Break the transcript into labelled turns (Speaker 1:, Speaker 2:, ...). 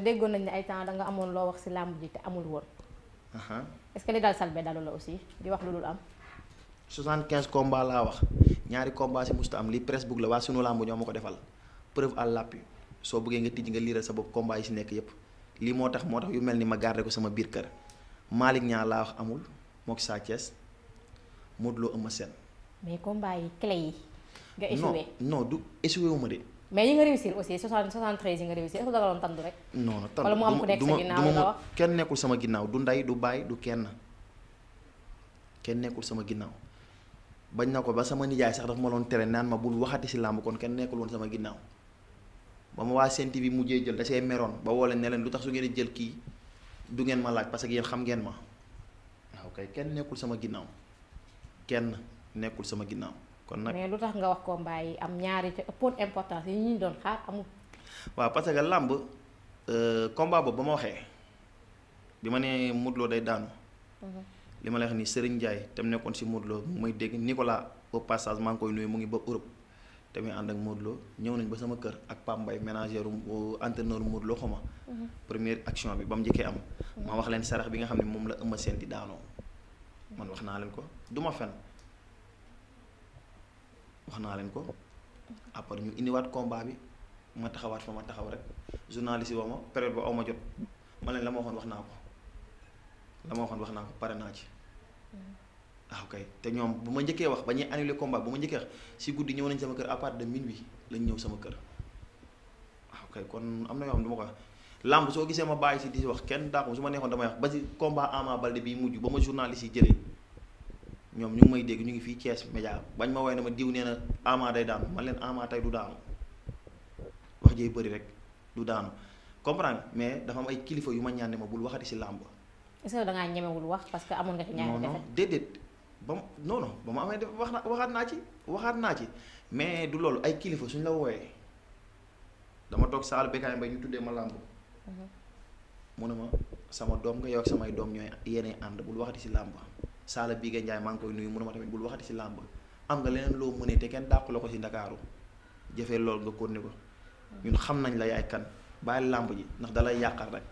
Speaker 1: déggoon nañ ne ay temps da nga amoon loo wax ci làmb ji te amul woon. est-ce que li daal la aussi di wax lu dul am.
Speaker 2: 75 combats laa wax ñaari combats ci musta am li presse bugg la waa sunu làmb ñoo ma ko defal preuve à l'appui soo bëggee nga tijji nga liiral sa bopp combats yi ci nekk yépp lii moo tax moo tax yu mel ni ma garder ko sama biir kër Malick Niang laa wax amul mook Sa Thiès Modou Lo Eumeu Sène
Speaker 1: mais combats yi clé yi. nga échoué
Speaker 2: non non wu ma de.
Speaker 1: mais yi nga réussir aussi 60 73 yi nga réussir est-ce que dagaloon tandu rek.
Speaker 2: non non tandu wala mu am ku nekk sa ginnaaw la wax kenn nekkul sama ginnaaw du ndey du baay du kenn kenn nekkul sama ginnaaw bañ na ko ba sama nijaay sax dafa ma doon tere naan ma bul waxati si làmb kon kenn nekkul woon sama ginnaaw ba ma waa Sen TV bi mujjee jël da see meroon ba woo leen ne leen lu tax su ngeen jël kii du ngeen ma laaj parce que yéen xam ngeen ma waaw kay kenn nekkul sama ginnaaw kenn nekkul sama ginnaaw. kon nag
Speaker 1: lu tax nga wax combat yi am ñaari te ëppoon importance yi ñu doon xaar amul.
Speaker 2: waaw parce que làmb euh, combat boobu ba ma waxee bi ma nee Modou Lo day daanu. Mhm. li ma lay wax ni Serigne Ndiaye tam nekkoon si Modou Lo muy dégg Nicolas au passage maa ngi koy nuyu mu ngi ba Europe te muy ànd ak Modou Lo ñëw nañ ba sama kër ak Pape Mbaye ménagère entraîneur Modou Lo xoma mhm. première action bi ba mu njëkkee am. ma mhm. wax leen sarax bi nga xam ne moom la ëmb seen di daanoo. man wax naa leen ko du ma fen wax naa leen ko après ñu indiwaat combat bi ma taxawaat fa ma taxaw rek journaliste yi woo ma période ba ma jot ma leen la ma waxoon wax naa ko la ma waxoon wax naa pare naa ci waaw mm. ah, te ñoom bu ma njëkkee wax ba ñuy annulé combat bu ma njëkkee si guddi ñëw nañ sama kër à partir de minuit lañ ñëw sama kër waaw ah, kon am na yoo du ma ko wax làmb gisee ma bàyyi si wax kenn daa ko ma neexoon damay wax ba si combat Ama Baldé bi mujj ba ma journaliste yi jëlee. ñoom ñu ngi may dégg ñu ngi fii Thiès Média bañ ma woy na ma diw nee na Ama day daanu man leen Ama tey du daanu wax jee bëri rek du daanu comprendre mais dafa am ay kilifa yu ma ñaan ma bul waxati si làmb.
Speaker 1: est-ce wax parce que amoon nga ci ñaari defet non
Speaker 2: déedéet wax na waxaat naa ci waxaat naa ci mais du loolu ay kilifa suñ la wooyee dama toog saal Bécaye Mbaye ñu tuddee ma làmb. Mhm. mu sama doom nga yow samay doom ñooy yéenay ànd bul waxati si làmb. Saala bii Ndiaye maa ngi koy nuyu mu ne ma tamit bul waxati si làmb am nga leneen loo mënee te kenn dàqu la ko si ndakaaru jëfee loolu nga ko ni ko ñun xam nañ la yaay kan bàyyi làmb ji ndax dalay yàqar rek